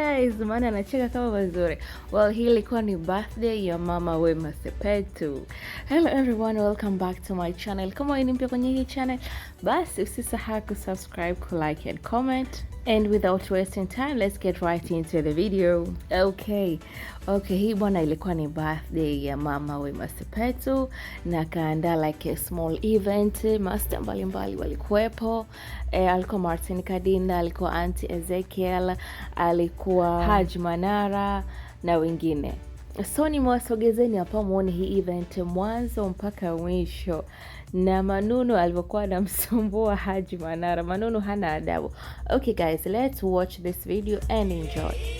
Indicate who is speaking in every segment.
Speaker 1: guys, maana anacheka kama mazuri. Well, hii ilikuwa ni birthday ya mama Wema Sepetu. Hello everyone, welcome back to my channel. Kama wewe ni mpya kwenye hii channel, basi usisahau kusubscribe, kulike and comment. And without wasting time, let's get right into the video. Okay. Okay, hii bwana ilikuwa ni birthday ya mama we Master na kaanda like a small event. Master mbalimbali walikuwepo. E, alikuwa Martin Kadinda, alikuwa Auntie Ezekiel, alikuwa Haji Manara na wengine. So nimewasogezeni hapa mwone hii event mwanzo mpaka mwisho, na Manunu alivyokuwa anamsumbua Haji Manara. Manunu hana adabu. Okay guys, let's watch this video and enjoy.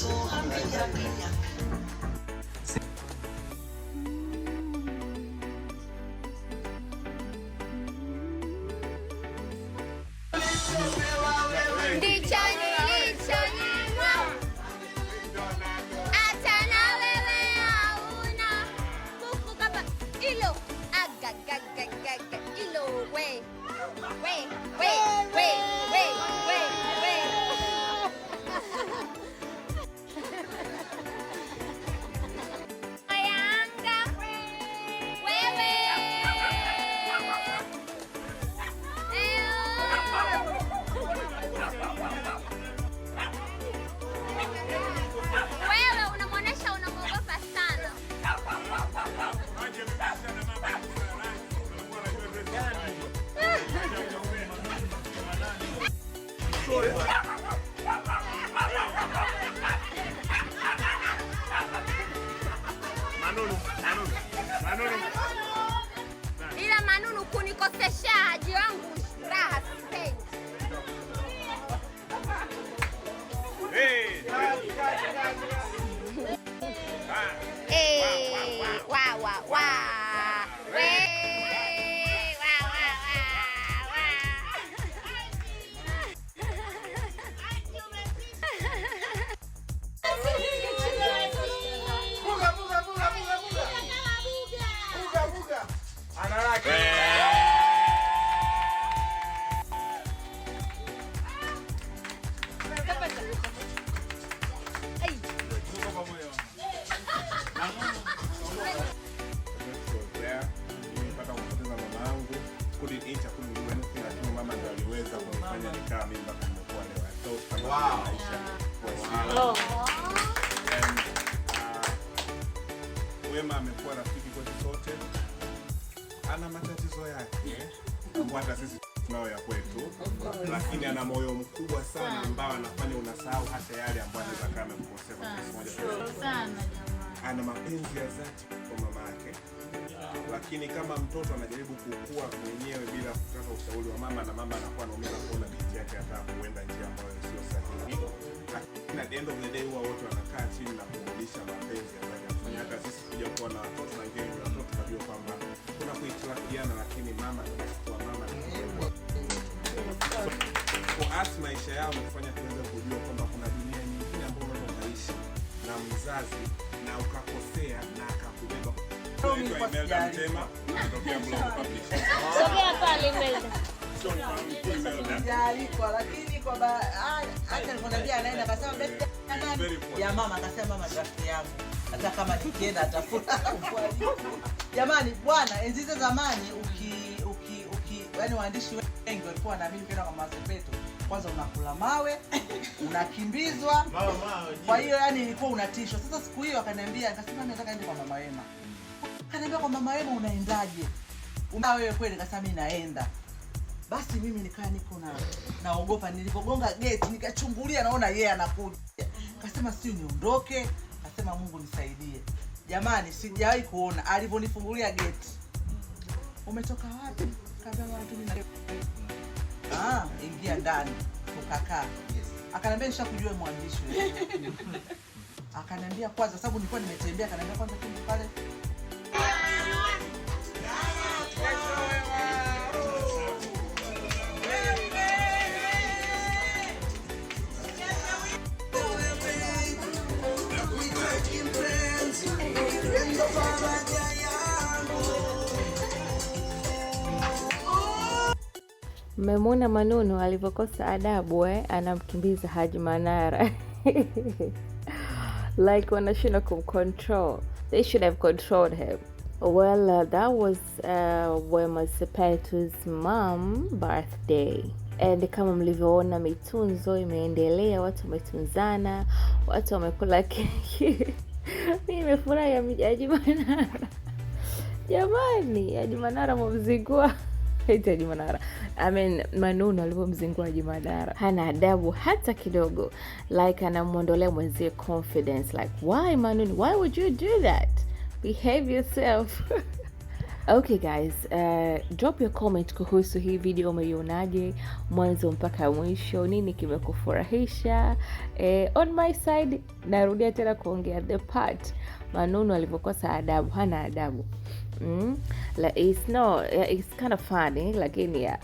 Speaker 2: so kıyak kıyak. Geçen
Speaker 3: Wema amekuwa rafiki kwetu sote, ana matatizo yake ambayo hata sisi tunayo ya kwetu, lakini ana moyo mkubwa sana ambao anafanya unasahau hata yale ambayo anaweza kama amekukosea. Ana mapenzi ya dhati kwa mama yake, lakini kama mtoto anajaribu kukua kwa ushauri wa mama, na mama anakuwa anaumia kuona binti yake hata kuenda njia ambayo sio sahihi. Lakini Na the end of the day huwa wote wanakaa chini na kurudisha mapenzi ambayo yanafanya hata sisi kuja kuwa na watoto na ngeni na watoto tunajua kwamba kuna kuitirakiana, lakini mama kwa mama kwa maisha yao kufanya tuweze kujua kwamba kuna dunia nyingine ambayo unaweza kuishi na mzazi na ukakosea na akakubeba. Imelda Mtema
Speaker 2: Sogea pale mbele.
Speaker 4: Sijaalikwa lakini kwa ah, hata nilikwambia anaenda akasema ya mama akasema mama rafiki yangu. Hata kama nikienda atafuta. Jamani bwana, enzi za zamani uki uki uki yaani waandishi wengi walikuwa wanaamini kwenda kwa mazepeto. Kwanza unakula mawe, unakimbizwa. Kwa hiyo yani ilikuwa unatishwa. Sasa siku hiyo akaniambia akasema nataka niende kwa Mama Wema akaniambia kwamba mama wewe unaendaje Una wewe kweli? Kasa mimi naenda. Basi mimi nikaa niko na naogopa, nilipogonga geti nikachungulia, naona yeye yeah, anakuja. Kasema si niondoke, kasema Mungu nisaidie. Jamani, sijawahi kuona alivyonifungulia geti. Umetoka wapi? Kaambia watu mimi Ah, ingia ndani tukakaa. Akanambia nishakujua mwandishi. Akanambia kwanza, sababu nilikuwa nimetembea, akanambia kwanza kimbe pale
Speaker 1: Mmemwona Manunu alivyokosa adabu eh? Anamkimbiza Haji Manara like wanashindwa kumcontrol. They should have controlled him. Well, uh, that was uh, Wema Sepetu's mam birthday and kama mlivyoona mitunzo imeendelea, watu wametunzana, watu wamekula keki mi imefurahi Haji Manara jamani, ajimanara mamzigua Hedi Manara, I mean, Manunu alivyomzingua Juma Dara hana adabu hata kidogo, like anamwondolea mwenzie confidence, like why Manunu, why would you do that, behave yourself Okay guys, uh, drop your comment kuhusu hii video umeionaje, mwanzo mpaka mwisho. Nini kimekufurahisha? Eh, on my side narudia tena kuongea the part Manunu alivyokosa adabu, hana adabu mm? Like, it's not, it's kind of funny lakini yeah.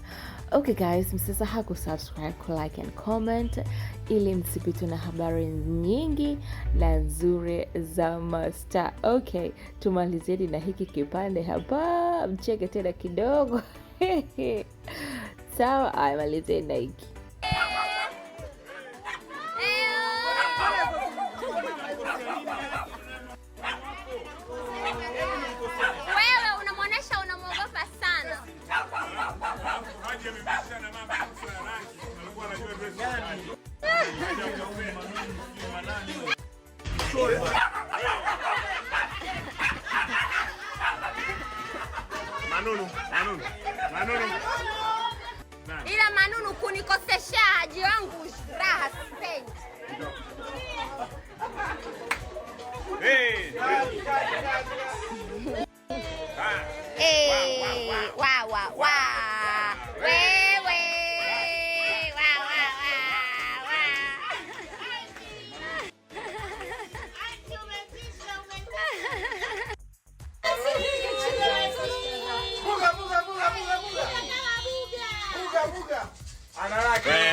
Speaker 1: Okay guys, msisahau kusubscribe, kulike and comment ili msipitwe na habari nyingi na nzuri za masta. Okay, tumalizieni na hiki kipande hapa, mcheke tena kidogo sawa. So, amalizeni na hiki
Speaker 2: Manunu, Manunu, Manunu. Ila Manunu kunikosesha haji wangu raha sipendi. Hey.
Speaker 5: Rocky.